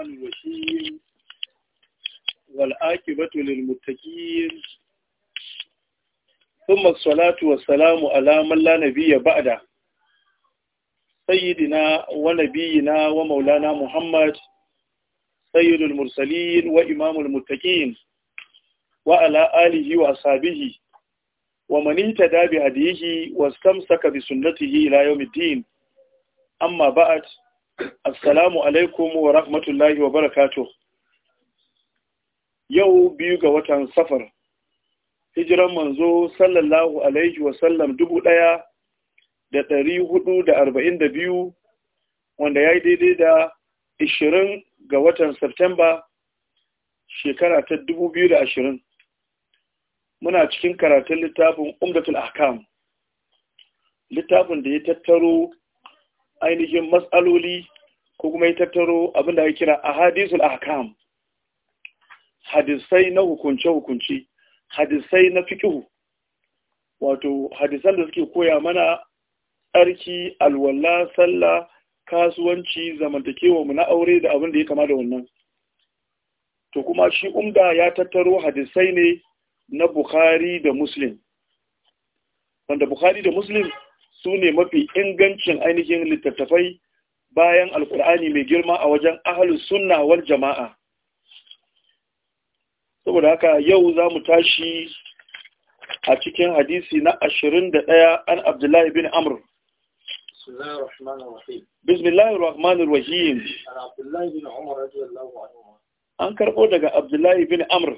الرحمن الرحيم والآكبة للمتقين ثم الصلاة والسلام على من لا نبي بعده سيدنا ونبينا ومولانا محمد سيد المرسلين وإمام المتقين وعلى آله وأصحابه ومن اهتدى بهديه واستمسك بسنته إلى يوم الدين أما بعد Assalamu alaikum wa rahmatullahi wa barakatuh. Yau biyu ga watan safar, hijiran manzo sallallahu alaihi wa sallam dubu ɗaya da ɗari hudu da arba'in da biyu wanda ya yi daidai da ishirin ga watan Septemba shekara ta dubu biyu da ashirin. Muna cikin karatun littafin Umdatul Ahkam, littafin da ya tattaro ainihin matsaloli ko kuma ya tattaro abin da ya kira hadisul ahkam hadisai na hukunce-hukunce hadisai na fikihu wato hadisan da suke koya mana tsarki alwala sallah kasuwanci zamantakewa mu na aure da abin da ya kama da wannan to kuma shi umda ya tattaro hadisai ne na bukhari da muslim wanda bukhari da muslim su ne mafi ingancin ainihin littattafai bayan alkur'ani mai girma a wajen ahalus sunna wal jama'a saboda haka yau za mu tashi a cikin hadisi na ashirin da ɗaya an abdullahi bin amur bismillahi rahmanir rahim an karɓo daga abdullahi bin Amur.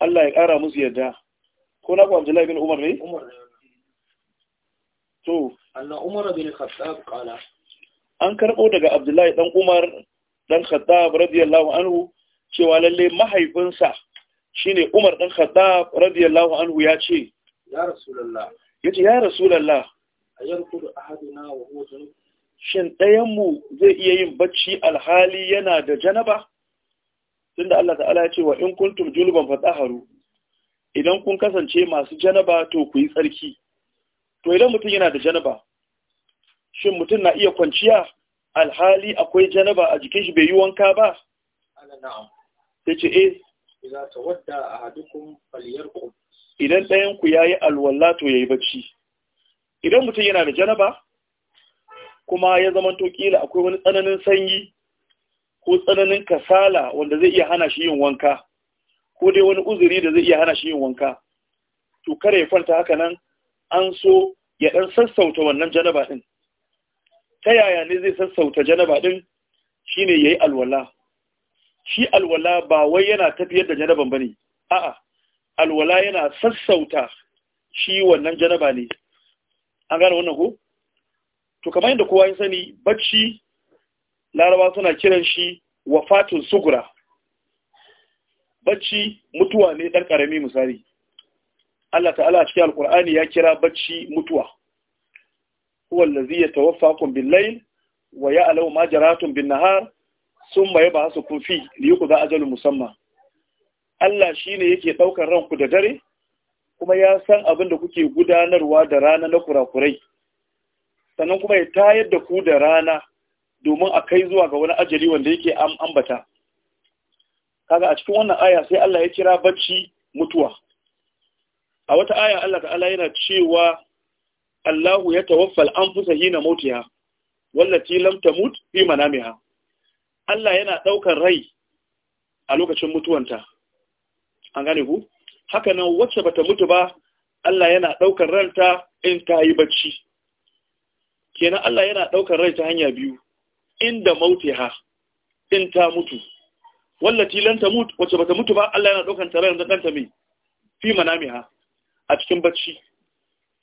Allah ya ƙara musu yadda ko na ku abdullahi bin umar ne? umar ne to anna umar bin khattab qala an karbo daga abdullahi dan umar dan khattab radiyallahu anhu cewa lalle mahaifinsa shine umar dan khattab radiyallahu anhu ya ce ya rasulullah yace ya rasulullah ayankudu ahaduna wa huwa tun shin mu zai iya yin bacci alhali yana da janaba? Tunda Allah ta'ala ya ce wa in kuntum julban fatsaharu, idan kun kasance masu janaba to ku yi tsarki. to idan mutum yana da janaba shin mutum na iya kwanciya alhali akwai janaba a jikin shi bai yi wanka ba Ta ce eh idan ɗayan ku yi alwala to yi bacci idan mutum yana da janaba kuma ya zama tokila akwai wani tsananin sanyi ko tsananin kasala wanda zai iya hana shi yin wanka ko dai wani uzuri da zai iya hana shi yin wanka to kare ya kwanta haka nan an so ya ɗan sassauta wannan janaba ɗin ta yaya ne zai sassauta janaba ɗin shi ne ya yi alwala shi alwala ba wai yana tafiyar da janaban ba ne a'a alwala yana sassauta shi wannan janaba ne an gane wannan ko to kamar yadda kowa ya sani bacci laraba suna kiran shi wafatun sugura bacci mutuwa ne ɗan ƙarami misali Allah ta'ala a cikin alkur'ani ya kira bacci mutuwa huwa allazi yatawaffaqukum bil-layl wa ya'lamu ma jaratum bin-nahar thumma yab'athukum fi liyuqda ajalun musamma Allah shine yake daukar ranku da dare kuma ya san abin da kuke gudanarwa da rana na kurakurai sannan kuma ya tayar da ku da rana domin a kai zuwa ga wani ajali wanda yake ambata kaga a cikin wannan aya sai Allah ya kira bacci mutuwa a wata aya Allah ta'ala yana cewa Allahu ya tawaffal anfusa hina mautiha wallati lam tamut fi manamiha Allah yana daukar rai a lokacin mutuwanta an gane ku haka nan wacce bata mutu ba Allah yana daukar ranta in ta yi bacci kenan Allah yana daukar rai ta hanya biyu inda mautiha in ta mutu wallati lam tamut wacce bata mutu ba Allah yana daukar ta rai da danta mai fi manamiha a cikin bacci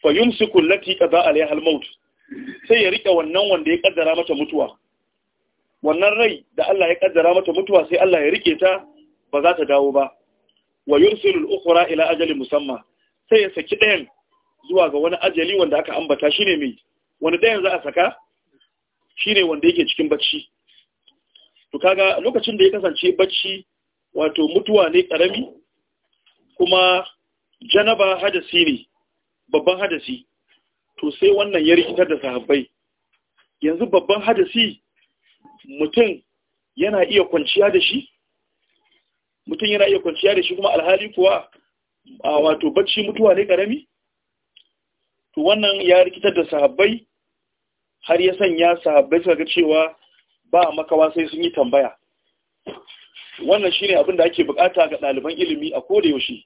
fa yumsiku lati qada alaiha almaut sai ya rike wannan wanda ya kaddara mata mutuwa wannan rai da Allah ya kaddara mata mutuwa sai Allah ya rike ta ba za ta dawo ba wa yursilu al-ukhra ila ajali musamma sai ya saki ɗayan zuwa ga wani ajali wanda aka ambata shine mai wani ɗayan za a saka shine wanda yake cikin bacci to kaga lokacin da ya kasance bacci wato mutuwa ne karami kuma janaba hadasi ne babban hadasi to sai wannan ya rikitar da sahabbai yanzu babban hadasi mutum yana iya kwanciya da shi mutum yana iya kwanciya da shi kuma alhali kuwa a wato bacci mutuwa ne karami to wannan ya rikitar da sahabbai har ya sanya sahabbai suka ga cewa ba makawa sai sun yi tambaya wannan shine abin da ake bukata ga ɗaliban ilimi a koda yaushe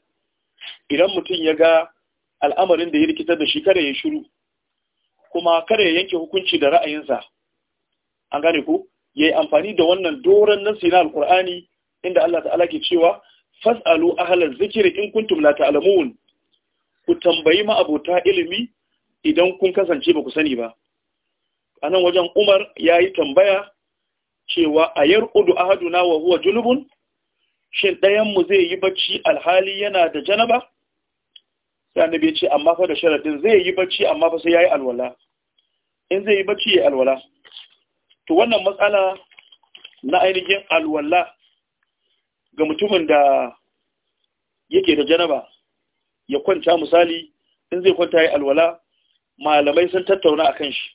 idan mutum ya ga al'amarin da ya rikitar da shi kada ya shiru kuma kada ya yanke hukunci da ra'ayinsa an gane ku ya yi amfani da wannan doron nasi na alkur'ani inda Allah ta'ala ke cewa fas'alu ahlaz zikiri in kuntum la ta'lamun ku tambayi ma'abota ilimi idan kun kasance ba ku sani ba a nan wajen Umar ya yi tambaya cewa a yar udu ahaduna wa huwa julubun? shin mu zai yi bacci alhali yana da janaba sai annabi ya ce amma fa da sharadin zai yi bacci amma fa sai yayi alwala in zai yi bacci ya alwala to wannan matsala na ainihin alwala ga mutumin da yake da janaba ya kwanta misali in zai kwanta yayi alwala malamai sun tattauna akan shi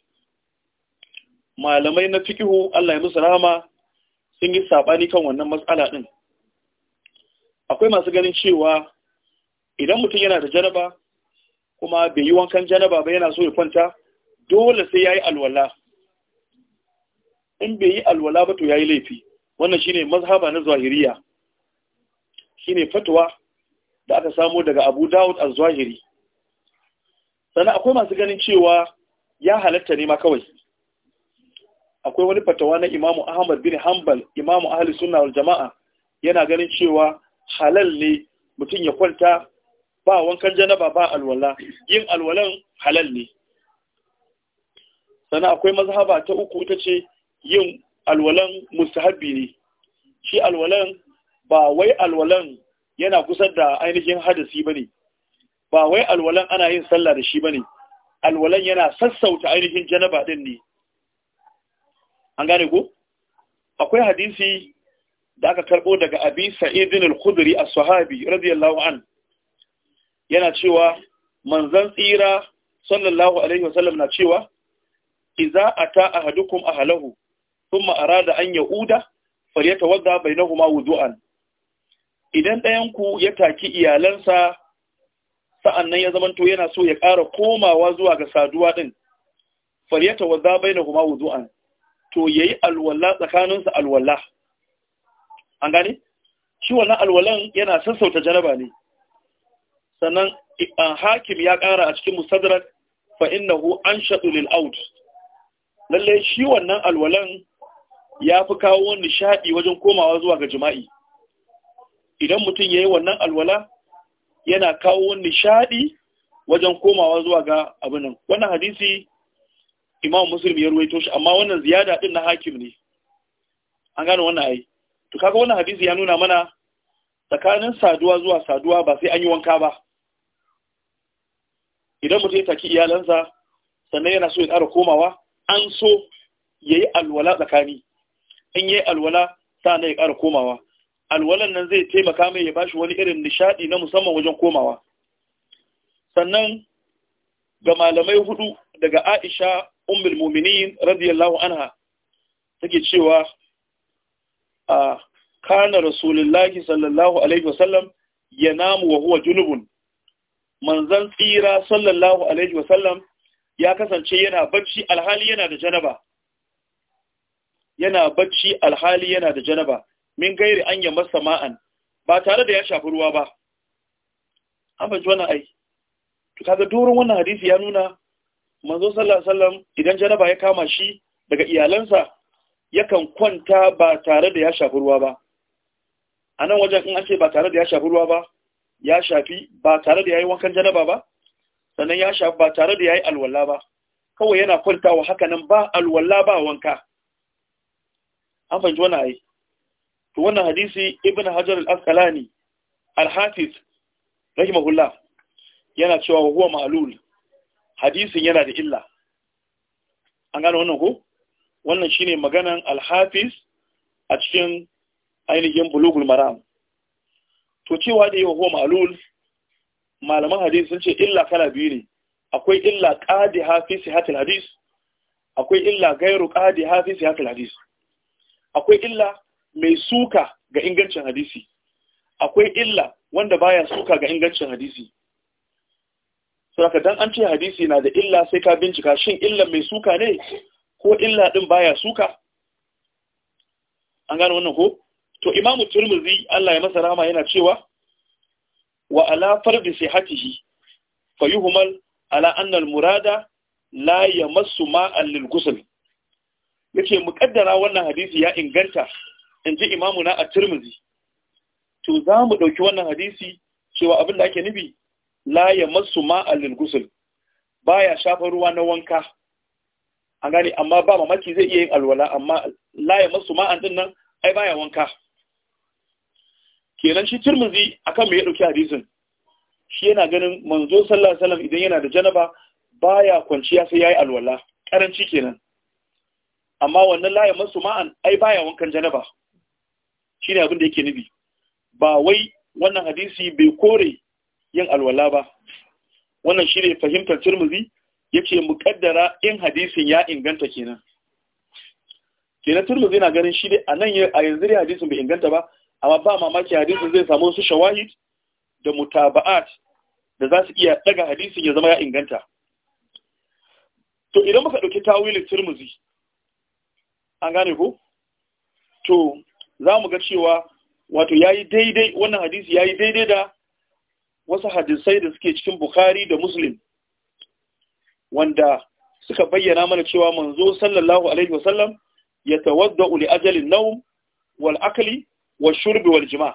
malamai na fiqhu Allah ya musu rahama sun yi sabani kan wannan matsala din akwai masu ganin cewa idan mutum yana da janaba kuma bai yi wankan janaba ba yana so ya kwanta dole sai ya yi alwala in bai yi alwala ba to ya yi laifi wannan shine mazhaba na zahiriya shine fatwa da aka samo daga abu dawud a zahiri sannan akwai masu ganin cewa ya halatta ne ma kawai akwai wani fatawa na imamu ahmad bin hanbal imamu ahli sunna wal jama'a yana ganin cewa halal ne mutum ya kwanta ba wankan janaba ba alwala yin alwalan halal ne sannan akwai mazhaba ta uku ita ce yin alwalan mustahabbi ne shi alwalan ba wai alwalan yana kusa da ainihin hadasi bane ba wai alwalan ana yin sallah da shi bane alwalan yana sassauta ainihin janaba din ne an gane ko akwai hadisi da aka karbo daga abi sa'idin al-khudri as-sahabi radiyallahu anhu yana cewa manzan tsira sallallahu alaihi wasallam na cewa iza ata ahadukum ahlahu thumma arada an yauda falyatawadda bainahuma wudu'an idan ɗayan ku ya taki iyalansa sa'annan ya zamanto yana so ya ƙara komawa zuwa ga saduwa din falyatawadda bainahuma wudu'an to yayi alwala tsakaninsa alwala an gane shi wannan alwalan yana sassauta jaraba ne sannan hakim ya ƙara a cikin musadrak fa innahu anshadu lil out lalle shi wannan alwalan ya fi kawo nishaɗi wajen komawa zuwa ga jima'i idan mutum yayi wannan alwala yana kawo nishaɗi wajen komawa zuwa ga abin nan wannan hadisi imam muslim ya ruwaito shi amma wannan ziyada din na hakim ne an gano wannan ai to kaga wannan hadisi ya nuna mana tsakanin saduwa zuwa saduwa ba sai an yi wanka ba idan mutum ya taki iyalansa sannan yana so ya ƙara komawa an so ya yi alwala tsakani in ya yi alwala sannan ya ƙara komawa alwalan nan zai taimaka mai ya bashi wani irin nishaɗi na musamman wajen komawa sannan ga malamai hudu daga aisha ummul muminin radiyallahu anha take cewa a ah, kana rasulullahi sallallahu alaihi wasallam namu wa huwa junubun manzan tsira sallallahu alaihi wasallam ya kasance yana bacci alhali yana da janaba yana bacci alhali yana da janaba min gairi an yi masa ma'an ba tare da ya shafi ruwa ba an fahimci ai to kaga doron wannan hadisi ya nuna manzo sallallahu alaihi idan janaba ya kama shi daga iyalansa yakan kwanta ba tare da ya shafi ruwa ba a nan wajen in ake ba tare da ya shafi ruwa ba ya shafi ba tare da yayi wankan janaba ba sannan ya shafi ba tare da yayi alwala ba kawai yana kwantawa haka nan ba alwala ba wanka an fahimci wannan ayi, to wannan hadisi ibnu hajar al-asqalani al-hafiz rahimahullah yana cewa wa huwa ma'lul hadisin yana da illa an gano wannan ko wannan shine maganan al-hafiz a cikin ainihin bulugul maram to cewa da yawa ko ma'lul malaman hadisi sun ce illa kala biyu ne akwai illa qadiha fi sihhatil hadis akwai illa gairu qadiha fi sihhatil hadis akwai illa mai suka ga ingancin hadisi akwai illa wanda baya suka ga ingancin hadisi saboda dan an ce hadisi na da illa sai ka bincika shin illa mai suka ne ko illa din baya suka an gano wannan ko to imamu turmuzi Allah ya masa rama yana cewa wa ala fardi sihatihi fayuhmal ala anna murada la yamassu ma'an lil ghusl yace muƙaddara wannan hadisi ya inganta inji imamu na a turmuzi to za mu dauki wannan hadisi cewa abin da ake nufi la yamassu ma'an lil ghusl baya shafa ruwa na wanka an gani amma ba mamaki zai iya yin alwala amma la yamassu ma'an nan ai baya wanka kenan shi turmuzi akan me ya dauki hadisin shi yana ganin manzo sallallahu alaihi wasallam idan yana da janaba baya kwanciya sai yayi alwala karanci kenan amma wannan la masu ma'an ai baya wankan janaba shine abin da yake nubi ba wai wannan hadisi bai kore yin alwala ba wannan shine fahimtar turmuzi yace muqaddara in hadisin ya inganta kenan kenan turmuzi yana ganin shi dai anan a yanzu dai hadisin bai inganta ba amma ba mamaki hadisin zai samu wasu shawahid da mutaba'at da za su iya daga hadisin ya zama ya inganta to idan muka ɗauki tawilin turmuzi an gane ko to za mu ga cewa wato ya daidai wannan hadisi ya yi daidai da wasu hadisai da suke cikin Bukhari da Muslim wanda suka bayyana mana cewa manzo sallallahu alaihi wasallam ya tawadda li ajalin naum wal akli wa shurbi wal jima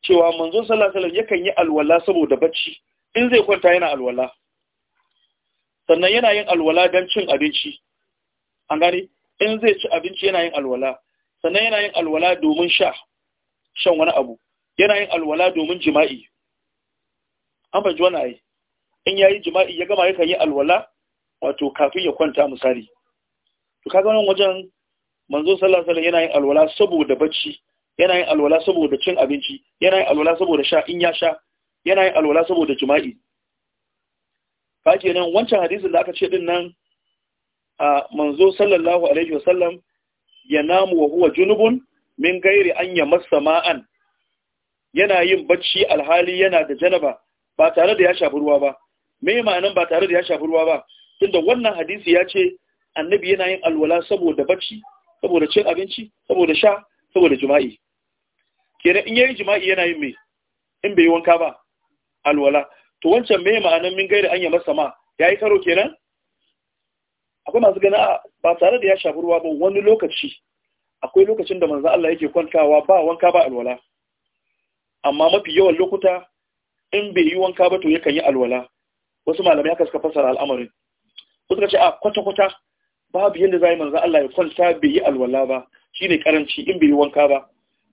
cewa manzon sallallahu alaihi wasallam yakan yi alwala saboda bacci in zai kwanta yana alwala sannan yana yin alwala don cin abinci an gane in zai ci abinci yana yin alwala sannan yana yin alwala domin sha shan wani abu yana yin alwala domin jima'i an fahimci wani ai in ya yi jima'i ya gama yakan yi alwala wato kafin ya kwanta misali to kaga wannan wajen manzo sallallahu alaihi yana yin alwala saboda bacci yana yin alwala saboda cin abinci yana yin alwala saboda sha in ya sha yana yin alwala saboda jima'i ka kenan wancan hadisin da aka ce din nan a manzo sallallahu alaihi wa sallam, ya namu wa huwa junubun min gairi an ya masa ma'an yana yin bacci alhali yana da janaba ba tare da ya shafi ruwa ba me ma'anan ba tare da ya shafi ruwa ba tunda wannan hadisi ya ce annabi yana yin alwala saboda bacci saboda cin abinci saboda sha saboda jima'i kenan in yi jima'i yana yin me in bai wanka ba alwala to wancan me ma'anan min gaira an ya masa ma yayi karo kenan akwai masu gana ba tare da ya shafi ruwa ba wani lokaci akwai lokacin da manzo Allah yake kwantawa ba wanka ba alwala amma mafi yawan lokuta in bai yi wanka ba to yakan yi alwala wasu malamai haka suka fassara al'amarin suka ce a kwata-kwata babu yadda zai manzo Allah ya kwanta bai yi alwala ba shine karanci in bai yi wanka ba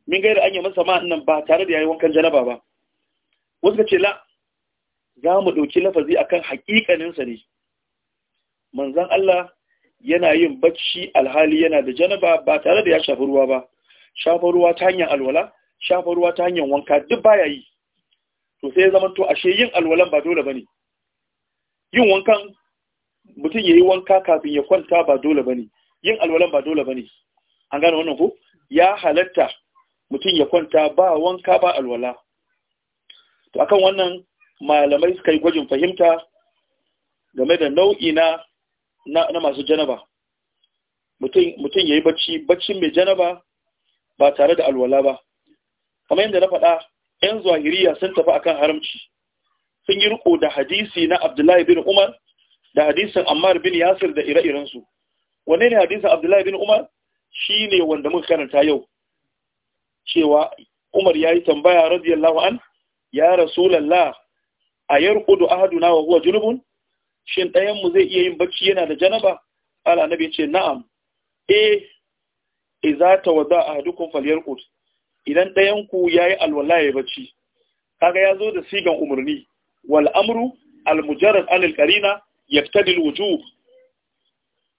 min gaira an yi masa ma'an nan ba tare da yayi wankan janaba ba wasu ka ce la za mu ɗauki lafazi akan hakikaninsa ne manzan Allah yana yin bacci alhali yana da janaba ba tare da ya shafi ruwa ba shafa ruwa ta hanyar alwala shafa ruwa ta hanyar wanka duk baya yi to sai ya zama to ashe yin alwalan ba dole bane yin wankan mutum yayi wanka kafin ya kwanta ba dole bane yin alwalan ba dole bane an gane wannan ko ya halatta mutum ya kwanta ba wanka ba alwala to akan wannan malamai suka yi gwajin fahimta game da nau'i na masu janaba mutum ya yi bacci bacci mai janaba ba tare da alwala ba kamar yadda na faɗa 'yan zahiriya sun tafi akan haramci sun yi riko da hadisi na abdullahi bin umar da hadisin ammar bin yasir da ire-irensu wane ne hadisin abdullahi bin umar shi ne wanda muka karanta yau cewa Umar ya yi tambaya radiyallahu an ya rasulullah a ahaduna wa huwa junubun shin ɗayanmu zai iya yin bacci yana da janaba ala nabi ce na'am eh idza tawadda ahadukum falyarqud idan ɗayan ku yayi alwala ya bacci kaga yazo da sigan umurni wal amru al mujarrad an al qarina yaftadi al wujub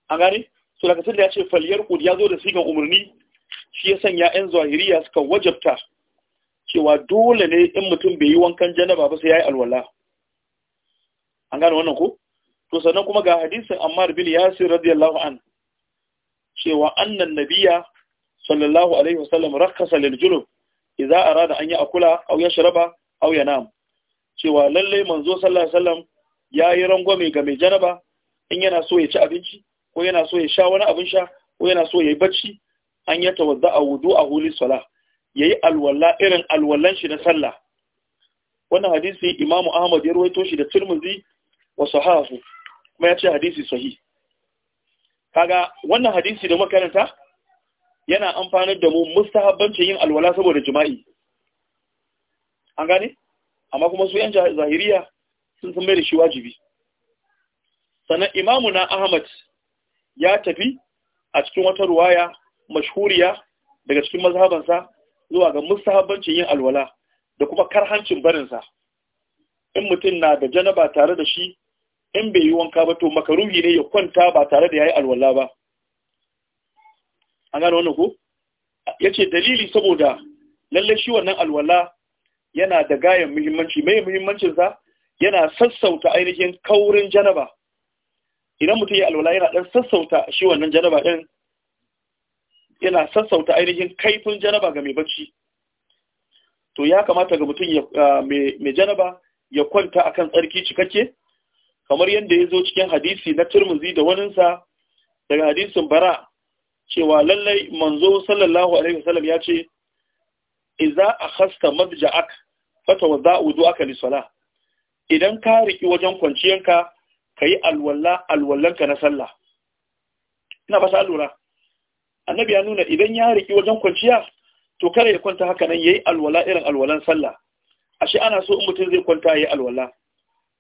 an ya ce da sigan umurni shi ya sanya 'yan zahiriya suka wajabta cewa dole ne in mutum bai yi wankan janaba ba sai ya yi alwala an gane wannan ko to sannan kuma ga hadisin ammar bin yasir radiyallahu an cewa annan nabiya sallallahu alaihi wasallam rakkasa lil za idza arada an ya'kula aw yashraba aw nam cewa lallai manzo sallallahu alaihi wasallam yayi rangwame ga mai janaba in yana so ya ci abinci ko yana so ya sha wani abin sha ko yana so ya yi bacci an ya tawadda a wudu a huli sala ya yi alwala irin alwalan shi na sallah wannan hadisi imamu ahmad ya ruwaito shi da turmuzi wa sahahu kuma ya ce hadisi sahi kaga wannan hadisi da makaranta yana amfanar da mu mustahabbancin yin alwala saboda jima'i an gane amma kuma su yan zahiriya sun san mai da shi wajibi sannan imamu na ahmad ya tafi a cikin wata ruwaya mashhuriya daga cikin mazhabansa zuwa ga mustahabbancin yin alwala da kuma karhancin barinsa in mutum na da janaba tare da shi in bai yi wanka ba to makaruhi ne ya kwanta ba tare da ya yi alwala ba an gano wannan ko ya ce dalili saboda lallai shi wannan alwala yana da gayan muhimmanci mai muhimmancinsa yana sassauta ainihin kaurin janaba idan mutum ya alwala yana dan sassauta shi wannan janaba din yana sassauta ainihin kaifin janaba ga mai bacci to ya kamata ga mutum mai janaba ya kwanta akan tsarki cikakke kamar yadda ya zo cikin hadisi na turmuzi da waninsa daga hadisin bara cewa lallai manzo sallallahu alaihi wasallam ya ce a haska fata wa mabja'ak fatawadda wudu'aka lis nisala? idan ka riki wajen kwanciyanka kayi alwalla alwallanka na sallah ina ba sa lura annabi ya nuna idan ya riki wajen kwanciya to kare ya kwanta haka nan yi alwala irin alwalan sallah ashe ana so in mutum zai kwanta yi alwala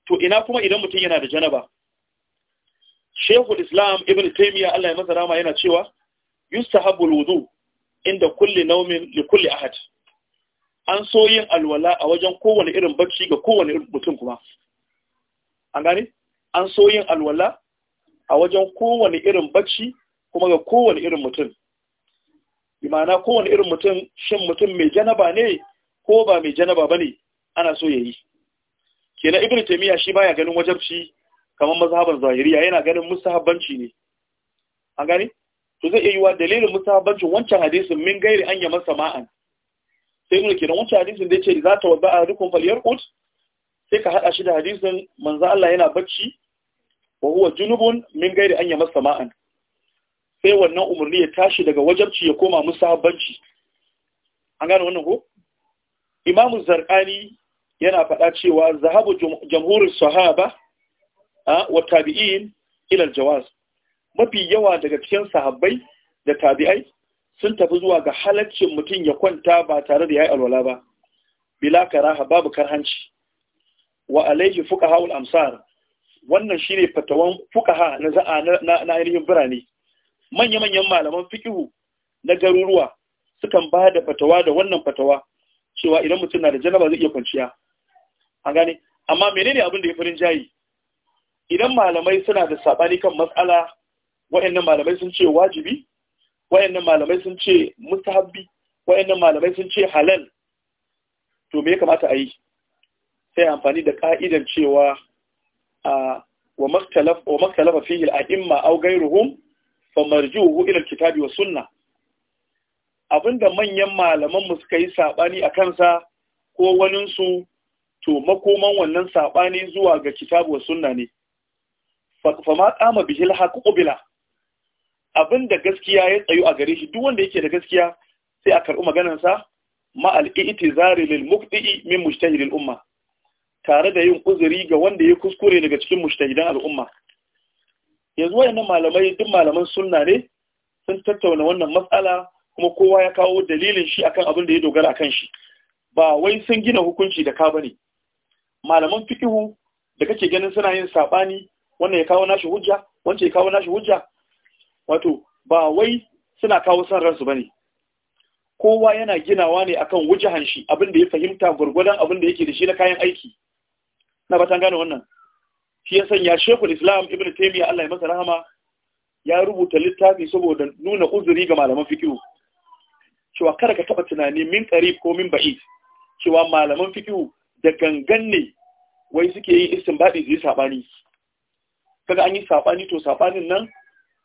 to ina kuma idan mutum yana da janaba Sheikhul Islam Ibn Taymiyyah Allah ya masarama yana cewa yustahabul wudu inda kulli naumin li kulli ahad an so yin alwala a wajen kowane irin bacci ga kowane mutum kuma an gane an so yin alwala a wajen kowane irin bacci kuma ga kowane irin mutum imana kowane irin mutum shin mutum mai janaba ne ko ba mai janaba ba ne ana so ya yi kenan ibn taimiyya shi baya ganin wajabci kamar mazhaban zahiriya yana ganin musahabanci ne an gani to zai iya yiwa dalilin musahabancin wancan hadisin min gairi an yamar sama'an sai ibn kenan wancan hadisin da ce za ta wadda a rukun faliyar kut sai ka haɗa shi da hadisin manzo Allah yana bacci wa huwa junubun min gairi an yamar sama'an sai wannan umarni ya tashi daga wajabci ya koma musabanci an gane wannan ko imamu zarqani yana faɗa cewa zahabu jamhurin sahaba ah, wa tabi'in ilal jawaz mafi yawa daga cikin sahabbai da tabi'ai sun tafi zuwa ga halaccin mutum ya kwanta ba tare da ya yi alwala ba bila karaha babu karhanci wa alaihi fuqaha amsar wannan shine fatawan fuqaha na na ainihin birane manya-manyan malaman fikihu na garuruwa sukan ba da fatawa da wannan fatawa cewa idan mutum na da janaba zai iya kwanciya a gane amma menene abin da ya farin jayi idan malamai suna da sabani kan matsala wayannan malamai sun ce wajibi wayannan malamai sun ce mustahabbi wayannan malamai sun ce halal to me ya kamata a yi sai amfani da ka'idan cewa a wa maktalafa fihi al-a'imma aw ghayruhum fa marjuhu ila alkitabi wa sunna abinda manyan malaman mu suka yi sabani a kansa ko wanin su to makoman wannan sabani zuwa ga kitabu wa sunna ne fa ma qama bihil haqq qubila abinda gaskiya ya tsayu a gare shi duk wanda yake da gaskiya sai a karɓi maganarsa ma al-i'tizari lil muqti'i min mujtahidil umma tare da yin uzuri ga wanda ya kuskure daga cikin mujtahidan al'umma yanzu wayannan malamai duk malaman sunna ne sun tattauna wannan matsala kuma kowa ya kawo dalilin shi akan abin da ya dogara kan shi ba wai sun gina hukunci da ka bane malaman fiqhu da kake ganin suna yin sabani wannan ya kawo nashi hujja wancan ya kawo nashi hujja wato ba wai suna kawo san ransu bane kowa yana ginawa ne akan wujahan shi abin da ya fahimta gurgurdan abin da yake da shi na kayan aiki na batan gane wannan shi ya sanya shekul islam ibn taimiyya allah ya masa rahama ya rubuta littafi saboda nuna uzuri ga malaman fikiru. cewa kada ka taba tunani min karib ko min ba'id cewa malaman fikiru da gangan ne wai suke yi isin su yi saɓani. kaga an yi saɓani to saɓanin nan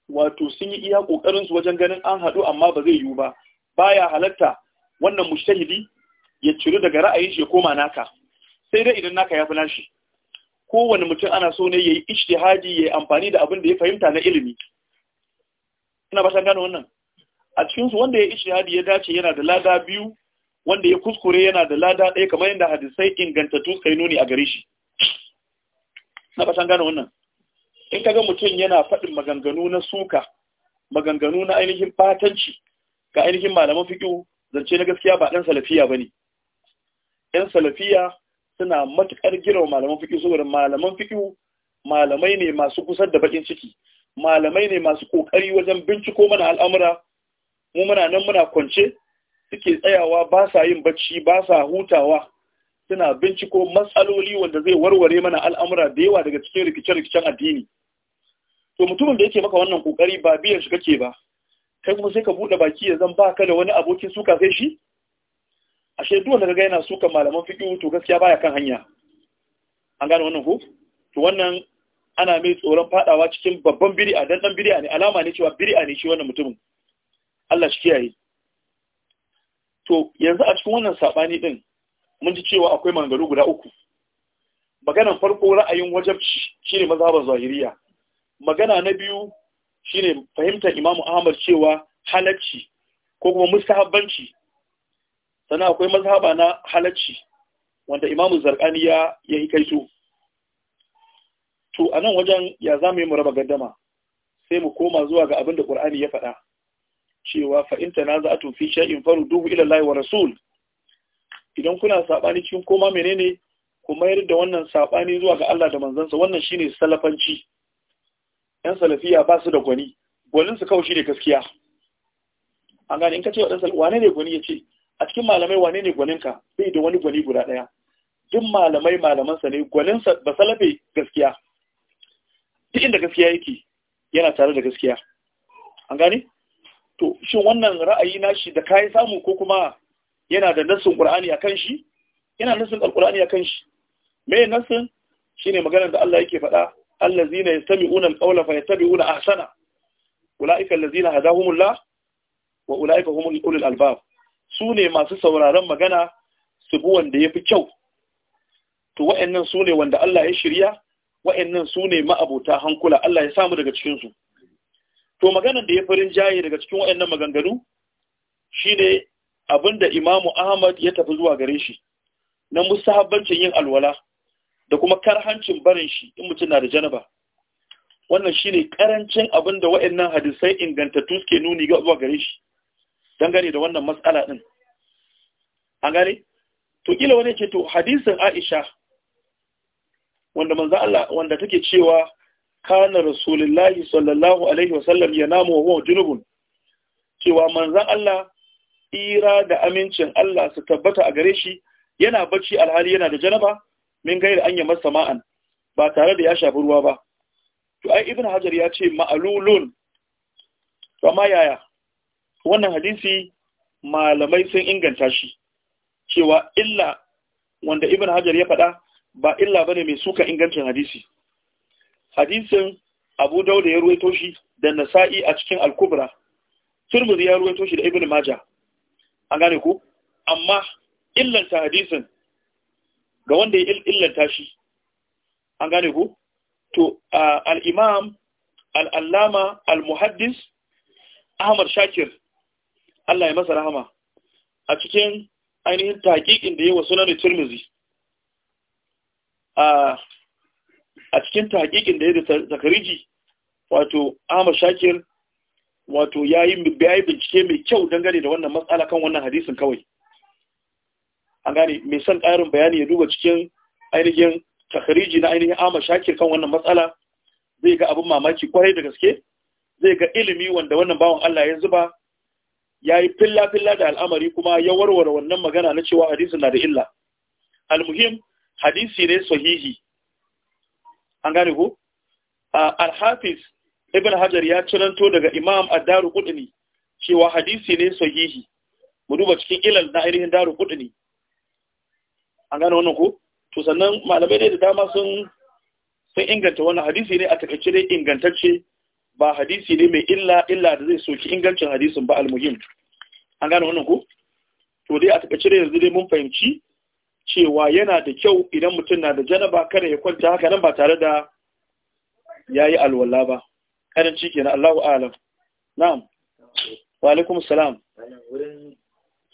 wato sun yi iya ƙoƙarin su wajen ganin an haɗu amma ba zai yiwu ba baya halatta wannan mushtahidi ya ciri daga ra'ayin shi ya koma naka sai dai idan naka ya fi nashi kowane mutum ana so ne ya yi ishtihadi ya yi amfani da abin da ya fahimta na ilimi ina ba gano wannan a cikinsu wanda ya yi ishtihadi ya dace yana da lada biyu wanda ya kuskure yana da lada ɗaya kamar yadda hadisai ingantattu suka nuni a gare shi na ba gano wannan in ka ga mutum yana faɗin maganganu na suka maganganu na ainihin fatanci ga ainihin malaman fiƙi zance na gaskiya ba ɗan salafiya ba ne ‘yan salafiya suna matuƙar girma malaman fiƙi saboda malaman fiƙi malamai ne masu kusar da bakin ciki malamai ne masu ƙoƙari wajen binciko mana al'amura mu muna nan muna kwance suke tsayawa ba sa yin bacci ba sa hutawa suna binciko matsaloli wanda zai warware mana al'amura da yawa daga cikin rikice-rikicen addini to mutumin da yake maka wannan ƙoƙari ba biyan shi kake ba kai kuma sai ka buɗe baki ya zan baka da wani abokin suka sai shi ashe duk wanda kaga yana malaman fiqh to gaskiya baya kan hanya an gane wannan ko to wannan ana mai tsoron fadawa cikin babban bid'a dan dan bid'a ne alama ne cewa bid'a ne shi wannan mutumin Allah shi kiyaye to yanzu a cikin wannan sabani din mun ji cewa akwai mangaru guda uku maganan farko ra'ayin wajabci shine mazhabar zahiriya magana na biyu shine fahimtar Imam Ahmad cewa halacci ko kuma mustahabbanci sannan akwai mazhaba na halacci wanda imamu zarkani ya yi kai su to a nan wajen ya za mu yi muraba gaddama sai mu koma zuwa ga abin da ƙur'ani ya faɗa cewa fa'inta na za a tufi sha'in faru duhu ilallahi wa rasul idan kuna saɓani cikin koma menene ku mayar da wannan saɓani zuwa ga Allah da manzansa wannan shine salafanci ‘yan salafiya ba su da gwani gwaninsu kawai shi ne gaskiya an gane in ka ce wa ɗan wane ne gwani ya ce a cikin malamai wane ne gwaninka bai da wani gwani guda ɗaya duk malamai malamansa ne gwaninsa ba salafe gaskiya duk inda gaskiya yake yana tare da gaskiya an gane to shin wannan ra'ayi nashi da kayan samu ko kuma yana da nassin qur'ani kan shi yana nassin alqur'ani kan shi me nassin shine maganar da Allah yake faɗa allazina yastami'una alqawla fayattabi'una ahsana ulaika allazina hadahumullah wa ulaika humul ulul albab su ne masu sauraron magana su bi wanda ya fi kyau to wa'annan su ne wanda Allah ya shirya wa'annan su ne ma'abota hankula Allah ya samu daga cikinsu to maganar da ya farin jaye daga cikin wa'annan maganganu shine abinda imamu ahmad ya tafi zuwa gare shi na mustahabbancin yin alwala da kuma karhancin barin shi in mutum na da janaba wannan shine karancin abinda wa'annan hadisai ingantattu suke nuni ga zuwa gare shi dangane da wannan matsala ɗin an gane to kila wani ce to hadisin Aisha wanda manza Allah wanda take cewa kana rasulullahi sallallahu alaihi wasallam namu wa huwa junubun cewa manzon Allah tsira da amincin Allah su tabbata a gare shi yana bacci alhali yana da janaba min gairi an masa ma'an, ba tare da ya shafi ruwa ba to ai ibn hajar ya ce ma'alulun kama ma yaya wannan hadisi malamai sun inganta shi cewa illa wanda ibn hajar ya faɗa ba illa bane mai suka ingancin hadisi hadisin abu dauda ya ruwaito shi da nasa'i a cikin al-kubra turmuzi ya ruwaito shi da ibn maja an gane ku amma illanta hadisin ga wanda ya illanta shi an gane ku to al-imam al-allama al-muhaddis ahmad shakir Allah ya masa rahama a cikin ainihin taƙiƙin da yi wa sunan turmizi, a cikin taƙiƙin da ya da zakariji wato ahmad shakir wato ya yi bincike mai kyau dangane da wannan matsala kan wannan hadisin kawai an gane mai son ƙarin bayani ya duba cikin ainihin takariji na ainihin ahmad shakir kan wannan matsala zai ga abin mamaki kwarai da gaske zai ga ilimi wanda wannan bawan allah ya zuba ya yi filla-filla da al'amari kuma ya warware wannan magana na cewa hadisi na da illa almuhim hadisi ne sahihi an gane Al-hafiz ibn hajar ya cinanto daga imam ad-daru qudni cewa hadisi ne sahihi mu duba cikin ilal na ainihin daru Kudini. an gane wannan ku? to sannan malamai da dama sun sun inganta wannan hadisi ne a takaice dai ingantacce ba hadisi ne mai illa illa da zai soki ingancin hadisin ba almuhim an gane wannan ko to dai a cire yanzu dai mun fahimci cewa yana da kyau idan mutum na da janaba kada ya kwanta haka nan ba tare da ya yi alwala ba ci kenan Allahu a'lam na'am wa alaikum salam wurin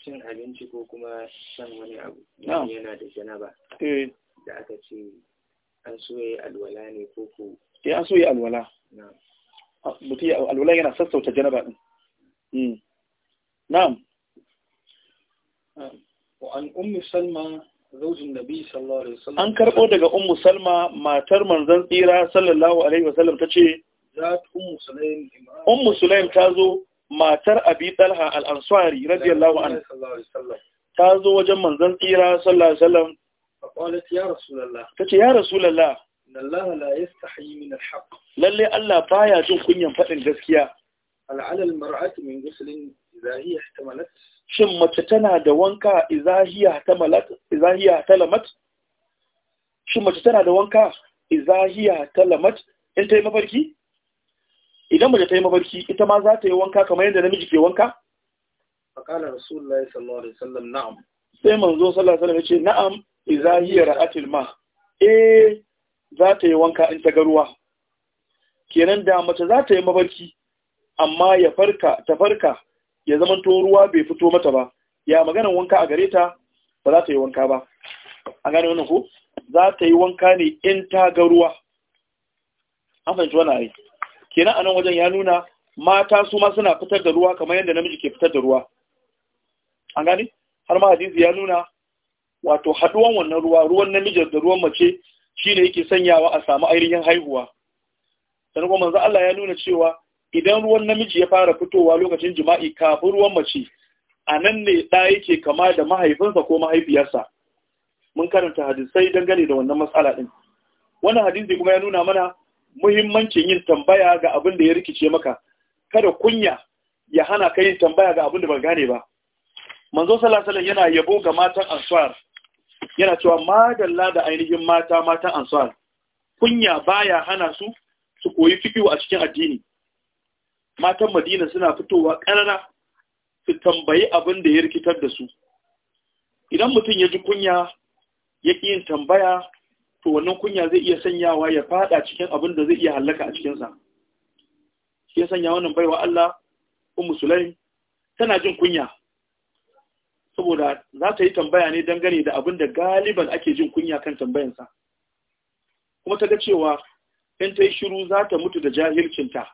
cin abinci ko kuma san wani abu yana da janaba eh da aka ce an so alwala ne ko ko eh an so alwala na'am mutum ya alwala yana sassauta janaba din hmm. na'am wa an ummu salma nabi sallallahu alaihi wasallam an karbo daga ummu salma matar manzon tsira sallallahu alaihi wasallam tace zat ummu sulaim ummu sulaim tazo matar abi talha al-ansari radiyallahu anhu ta zo wajen manzon tsira sallallahu alaihi wasallam ya rasulullah tace ya rasulullah inna allaha la yastahi min al-haqq lalle Allah baya jin kunyan faɗin gaskiya al'alal mar'atu min ghuslin idza ta ihtamalat shin mace tana da wanka idza hiya ihtamalat talamat shin mace tana da wanka Izahiyar ta talamat in ta yi mafarki idan mace ta yi mafarki ita ma za ta yi wanka kamar yadda namiji ke wanka faqala rasulullahi sallallahu alaihi wasallam na'am sai manzo sallallahu alaihi wasallam ya ce na'am idza ra'atil ma eh za ta yi wanka in ta ga kenan da mace za ta yi mabarki amma ya farka ta farka ya zama to ruwa bai fito mata ba ya maganan wanka a gare ta ba za ta yi wanka ba a gane wannan ko za ta yi wanka ne in ta ga ruwa an fahimci wani ai kenan anan wajen ya nuna mata su ma suna fitar da ruwa kamar yadda namiji ke fitar da ruwa an gane har ma hadisi ya nuna wato haduwan wannan ruwa ruwan namijin da ruwan mace shine yake sanyawa a samu ainihin haihuwa sannan kuma manzo Allah ya nuna cewa idan ruwan namiji ya fara fitowa lokacin jima'i kafin ruwan mace a nan ne ɗa yake kama da mahaifinsa ko mahaifiyarsa mun karanta hadisai dangane da wannan matsala ɗin wannan hadisi kuma ya nuna mana muhimmancin yin tambaya ga abin da ya rikice maka kada kunya ya hana ka yin tambaya ga abin da ba gane ba manzo sallallahu alaihi yana yabo ga matan ansar yana cewa madalla da ainihin mata matan ansar kunya baya hana su su koyi fikihu a cikin addini matan madina suna fitowa ƙarara su tambayi abin da ya rikitar da su idan mutum ya ji kunya ya ƙi yin tambaya to wannan kunya zai iya sanyawa ya fada cikin abin da zai iya hallaka a cikinsa shi ya sanya wannan baiwa Allah ummu sulaim tana jin kunya saboda za ta yi tambaya ne dangane da abin da galiban ake jin kunya kan tambayansa kuma ta ga cewa in ta yi shiru za ta mutu da jahilcinta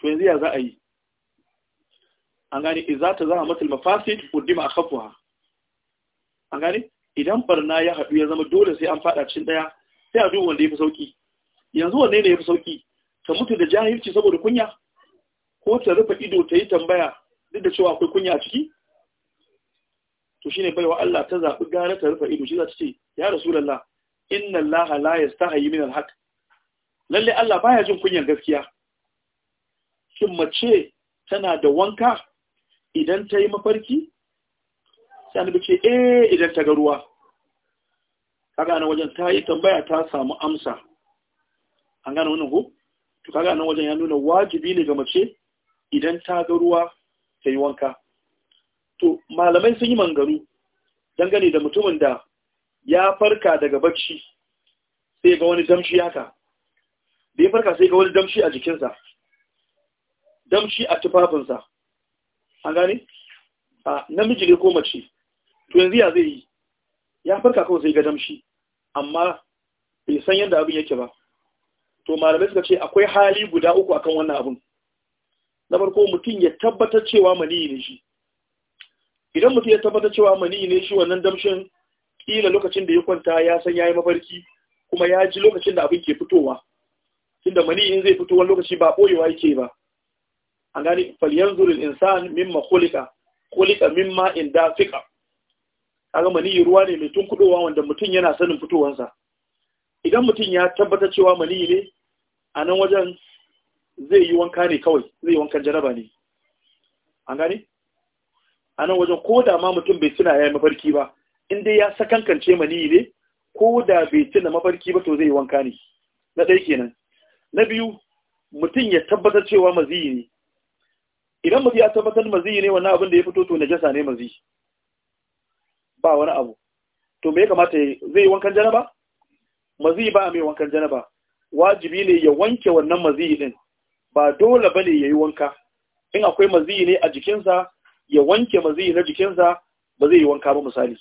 to yanzu ya za a yi an gani za ta zama a matul mafasid uddima akhafuha an gani idan barna ya haɗu ya zama dole sai an faɗa cikin ɗaya sai a duk wanda ya fi sauƙi yanzu wanne ne ya fi sauƙi ta mutu da jahilci saboda kunya ko ta rufe ido ta yi tambaya duk da cewa akwai kunya a ciki to shine baiwa Allah ta zaɓi gara ta rufe ido shi za ta ce ya rasulullah inna allaha la yastahi min alhaq lalle Allah baya jin kunyan gaskiya shin mace tana da wanka idan ta yi mafarki sai annabi ce eh idan ta ga ruwa kaga nan wajen ta yi tambaya ta samu amsa an gane wannan ko to kaga nan wajen ya nuna wajibi ne ga mace idan ta ga ruwa ta yi wanka to malamai sun yi mangaru dangane da mutumin da ya farka daga bacci sai ga wani damshi haka da ya farka sai ga wani damshi a jikinsa damshi a tufafinsa an gane a namiji ne ko mace to yanzu ya zai yi ya farka kawai sai ga damshi amma bai san yadda abin yake ba to malamai suka ce akwai hali guda uku akan wannan abin na farko mutum ya tabbatar cewa maniyi ne shi idan mutum ya tabbatar cewa maniyi ne shi wannan damshin kila lokacin da ya kwanta ya san ya yi mafarki kuma ya ji lokacin da abin ke fitowa tunda mani in zai fito wani lokaci ba boyewa yake ba an gani falyan zurin insan mimma kulika kulika mimma in A kaga mani ruwa ne mai tunkudowa wanda mutum yana sanin fitowansa idan mutum ya tabbata cewa mani ne a nan wajen zai yi wanka ne kawai zai yi wankan jaraba ne an gani a nan wajen ko da ma mutum bai tuna ya yi mafarki ba in dai ya sakankance mani ne ko da bai tuna mafarki ba to zai yi wanka ne na ɗaya kenan na biyu mutum ya tabbatar cewa maziyi ne idan mazi ya tabbatar maziyi ne wannan abin da ya fito to na jasa ne maziyi ba wani abu to me ya kamata zai yi wankan janaba maziyi ba a mai wankan janaba wajibi ne ya wanke wannan maziyi din ba dole ba ne ya yi wanka in akwai maziyi ne a jikinsa ya wanke maziyi na jikinsa ba zai yi wanka ba misali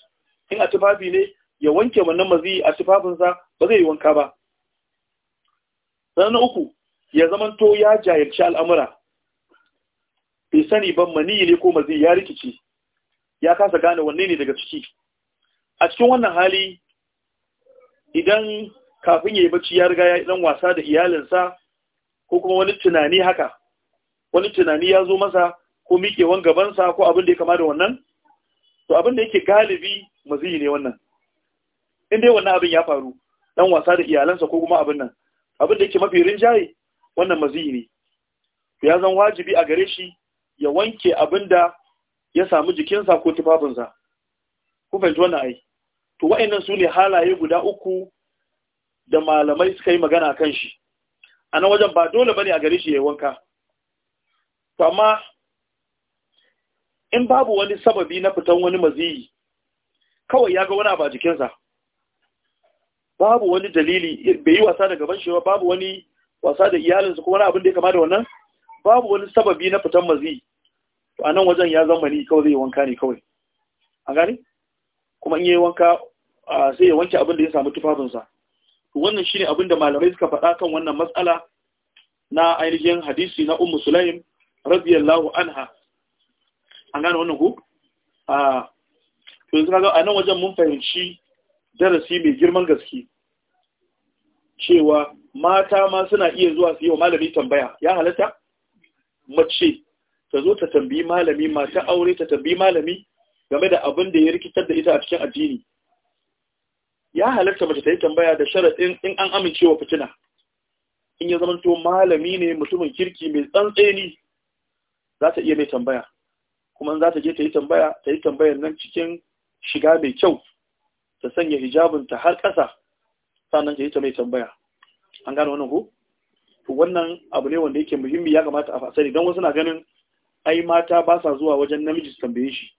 in a tufafi ne ya wanke wannan maziyi a tufafinsa ba zai yi wanka ba sannan na uku ya zamanto ya jayarci al'amura bai sani ban mani ne ko mazi ya rikici ya kasa gane wanne ne daga ciki a cikin wannan hali idan kafin ya yi bacci ya riga ya dan wasa da iyalinsa ko kuma wani tunani haka wani tunani ya zo masa ko miƙewan gabansa ko abin da ya kama da wannan to abin da yake galibi mazi ne wannan in dai wannan abin ya faru dan wasa da iyalansa ko kuma abin nan abin da ke mafi rinjaye wannan maziyi ne ya zan wajibi a gare shi ya wanke abin da ya samu jikinsa ko tufafinsa ku fahimci wannan ai to wa'annan su ne halaye guda uku da malamai suka yi magana a kan shi a nan wajen ba dole ba ne a gare shi ya yi wanka to amma in babu wani sababi na fitan wani maziyi kawai ya ga wani abu a jikinsa babu wani dalili bai yi wasa da gaban shi ba babu wani wasa da iyalinsa ko wani abin da ya kama da wannan babu wani sababi na fitan mazi to a nan wajen ya zama ni kawai zai wanka ne kawai a gani kuma in yi wanka sai ya wanke abin da ya samu tufafinsa to wannan shine abin da malamai suka faɗa kan wannan matsala na ainihin hadisi na ummu sulaim radiyallahu anha an gane wannan ku a to yanzu kaga a nan wajen mun fahimci darasi mai girman gaske cewa mata ma suna iya zuwa su yi wa malami tambaya ya halatta mace ta zo ta tambayi malami mata aure ta tambayi malami game da abin da ya rikitar da ita a cikin addini ya halatta mace ta yi tambaya da sharaɗin in an amince wa fitina in ya zama to malami ne mutumin kirki mai tsantseni za ta iya mai tambaya kuma za ta je ta yi tambaya ta yi tambayar nan cikin shiga mai kyau ta sanya hijabinta har ƙasa sannan ta yi ta mai tambaya an gane wannan ko wannan abu ne wanda yake muhimmi ya kamata a fasari don wasu na ganin ai mata ba sa zuwa wajen namiji su tambaye shi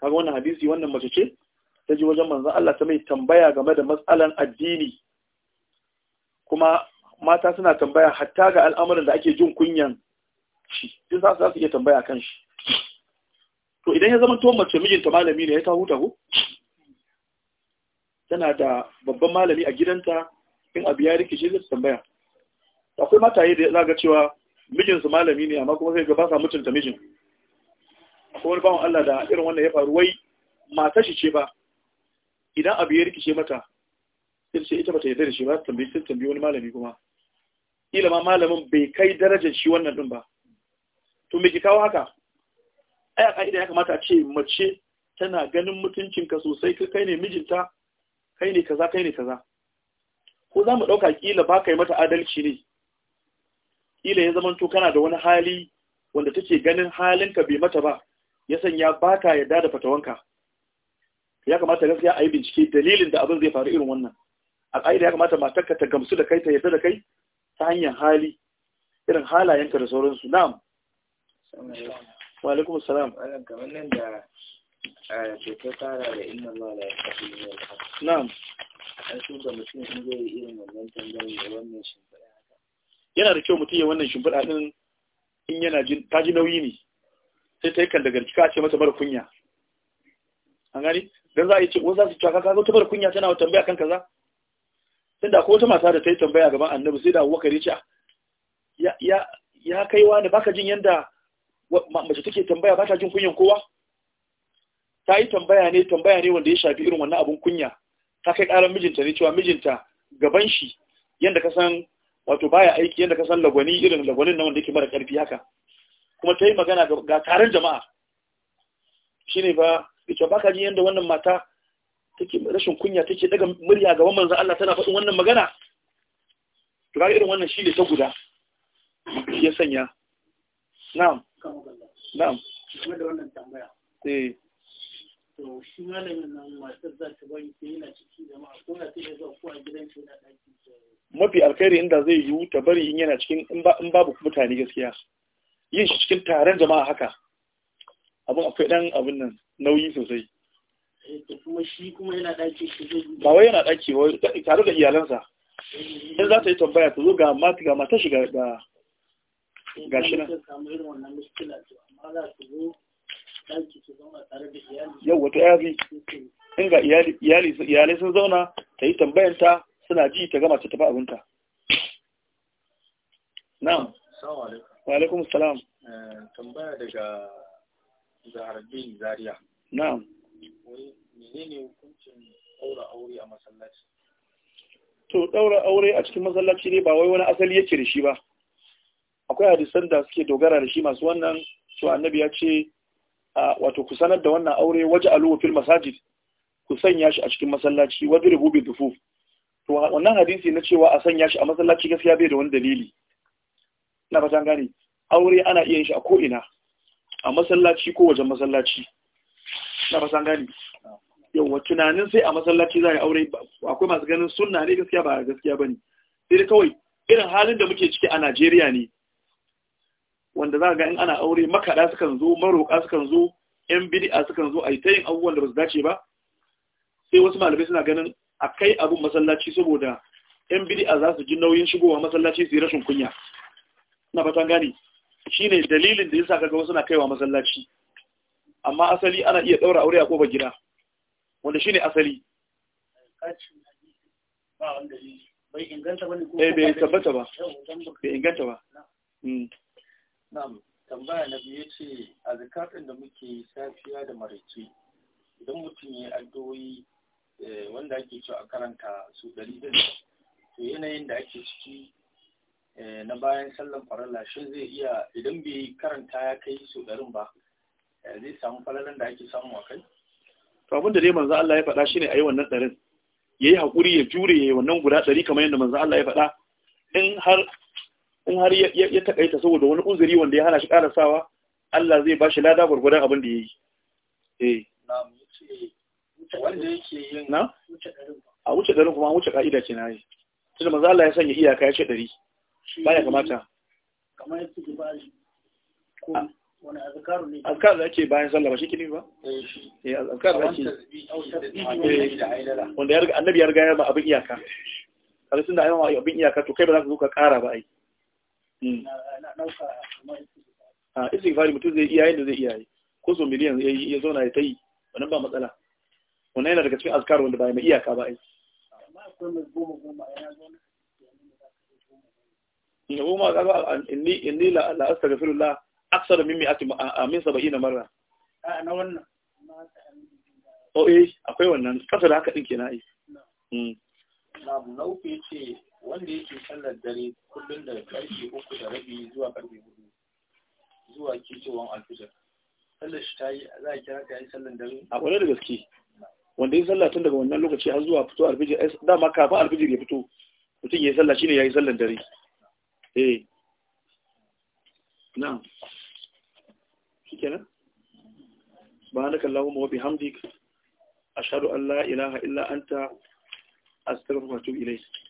kaga wannan hadisi wannan mace ce ta ji wajen manzon Allah ta mai tambaya game da matsalan addini kuma mata suna tambaya hatta ga al'amuran da ake jin kunyan shi duk za su iya tambaya kan shi to idan ya zama to mace mijinta malami ne ya ta huta ko tana da babban malami a gidanta in abu ya rikice zai tambaya akwai mataye da za ga cewa mijinsu malami ne amma kuma sai ga ba sa mutunta mijin akwai wani bawan Allah da irin wannan ya faru wai mata shi ce ba idan abu ya rikice mata sai ce ita bata yarda da shi ba tambayi sai tambayi wani malami kuma kila ma malamin bai kai darajar shi wannan din ba to me ki kawo haka ai a ka'ida ya kamata a ce mace tana ganin mutuncinka sosai ka kai ne mijinta kai ne kaza kai ne kaza ko za mu ɗauka ƙila ba kai mata adalci ne kila ya zamanto kana da wani hali wanda take ganin halinka bai mata ba ya sanya ba ka da fatawanka ya kamata gaskiya a yi bincike dalilin da abin zai faru irin wannan a ƙa'ida ya kamata matar ka ta gamsu da kai ta yarda da kai ta hanyar hali irin halayenka da sauransu na'am wa alaikum da inna ga mutum in zai irin wannan da wannan shimfiɗa yana da kyau mutum ya wannan shimfiɗa din in yana jin ta ji nauyi ne sai ta yi kan daga cika ce mata mara kunya an gani don za a yi ce wasu za su cika kaka ta bar kunya tana tambaya kan kaza tun da ko wata mata da ta yi tambaya gaban annabi sai da wakar ya ce ya kai wa kai baka jin yanda mace take tambaya ba ta jin kunyan kowa ta yi tambaya ne tambaya ne wanda ya shafi irin wannan abun kunya ta kai karan mijinta ne cewa mijinta gaban shi yanda ka san wato baya aiki yanda ka san lagwani irin lagwanin nan wanda yake mara karfi haka kuma ta yi magana ga taron jama'a shine ba ita baka ji yanda wannan mata take rashin kunya take daga murya gaban manzon Allah tana faɗin wannan magana to kaga irin wannan shi ne ta guda ya sanya na'am na'am kuma da wannan tambaya eh to shi malamin nan matar za ta bari sai yana ciki zama a koya sai ya zuwa ko a gidan shi na ɗaki mafi alkhairi inda zai yiwu ta bari in yana cikin in babu mutane gaskiya yin shi cikin taron jama'a haka abin akwai dan abin nan nauyi sosai eh, kuma shi kuma yana ɗaki shi zai ba wai yana ɗaki ba tare da iyalansa eh, in za ta yi tambaya ta zo ga mata ga mata shiga ga ga shi nan eh, yau wata yazi inga iyalai sun zauna ta yi tambayanta suna ji ta gama ta tafi abinta na'am alaikun salam eh, tambaya daga zahararbe zariya na'am hukuncin daura aure a to daura aure a cikin masallaci ne ba wai wani asali yake da shi ba akwai hadisan da suke dogara da shi masu wannan su annabi ya ce wato ku sanar da wannan aure waje aluhu fil masajid ku sanya shi a cikin masallaci wajen rubu bi dufuf to wannan hadisi na cewa a sanya shi a masallaci gaskiya bai da wani dalili na fatan gane aure ana iya yin shi a ko ina a masallaci ko wajen masallaci na fatan gane yawa tunanin sai a masallaci za a yi aure akwai masu ganin sunna ne gaskiya ba gaskiya bane sai kawai irin halin da muke ciki a Najeriya ne wanda za ga in ana aure makaɗa sukan zo maroƙa sukan zo yan bid'a sukan zo a yi ta yin abubuwan da ba su dace ba sai wasu malamai suna ganin a kai abun masallaci saboda yan bid'a za su ji nauyin shigowa masallaci su yi rashin kunya na fatan gani shine dalilin da yasa kaga wasu na kaiwa masallaci amma asali ana iya daura aure a kofar gida wanda shine asali bai inganta ba eh, bai tabbata ba bai inganta ba Na'am, tambaya na biyu ce a zakatun da muke safiya da maraice idan mutum ya addu'o'i eh, wanda ake so a karanta su ɗari ɗin to yanayin da ake ciki eh, na bayan sallan farala shi zai iya idan bai karanta ya kai su ɗarin ba eh, zai samu falalan da ake samu a kai? to abin da dai manzo Allah ya faɗa shine ayi wannan ɗarin yayi hakuri ya jure yayi wannan guda ɗari kamar yadda manzo Allah ya faɗa in har in har ya takaita saboda wani uzuri wanda ya hana shi karasawa Allah zai bashi lada gurgurdan abin da ya eh na a wuce garin kuma wuce ka'ida ce na yi tunda maza Allah ya sanya iyaka ya ce ɗari ya kamata kamar yadda ko wani azkaru ne azkaru ake bayan sallah ba shi kini ba eh, eh azkaru ake eh. wanda ya riga annabi ya riga ya ba abin iyaka kaga tunda ayyama abin iyaka to kai ba za ka zo ka ƙara ba ai Hmm. a ah, istighfari mutum zai iya yadda zai iya yi ko so miliyan ya zauna ya ta yi wannan ba matsala wannan yana daga cikin azkar wanda ba mai iyaka ba ai ya goma ga ba inni inni la la astaghfirullah aksara mimmi ati amin 70 marra a na wannan o oh, eh akwai wannan kasa da haka din kenan ai babu hmm. naufi ce wanda yake sallar dare kullum daga karfe uku da rabi zuwa karfe hudu zuwa kicewan alfijar sallar shi ta yi za a kira ka yi sallar dare a kwane da gaske wanda ya sallah tun daga wannan lokaci har zuwa fito alfijar? dama kafin alfijar ya fito mutum ya yi sallah shine ya yi sallar dare eh na'am shikenan subhanakallahumma wa bihamdik ashhadu an la ilaha illa anta astaghfiruka wa atubu ilayk